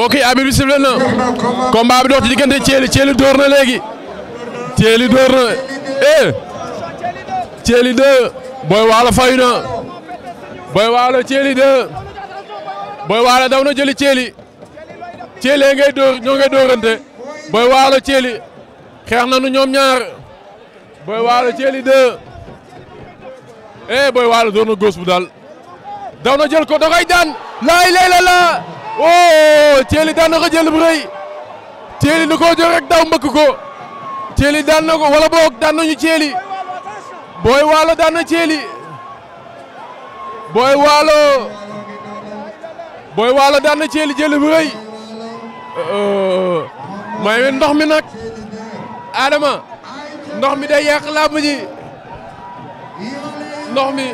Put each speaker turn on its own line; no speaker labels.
mbokk yi arbitre bi sifflé na combat bi dox ci diggante Thielly Thielly door na léegi Thielly door na eh Thielly 2 Boy Walo fay na Boy Walo Thielly 2 Boy Walo daw na jëli Thielly Thielly ngay door ñoo ngay doorante Boy Walo xeex ñoom ñaar Boy Walo Thielly 2 eh Boy Walo door na góos bu daal daw na jël ko da koy laay lay la laa Thiely daan na ko jël bu rëy Thiely du ko jox rek daw mbëkk ko Thiely daan na ko wala boog daan nañu Thiely Boy Walo daan na Thiely Boy Walo jël bu ndox mi nag Adama ndox mi day yàq làmb ji ndox mi.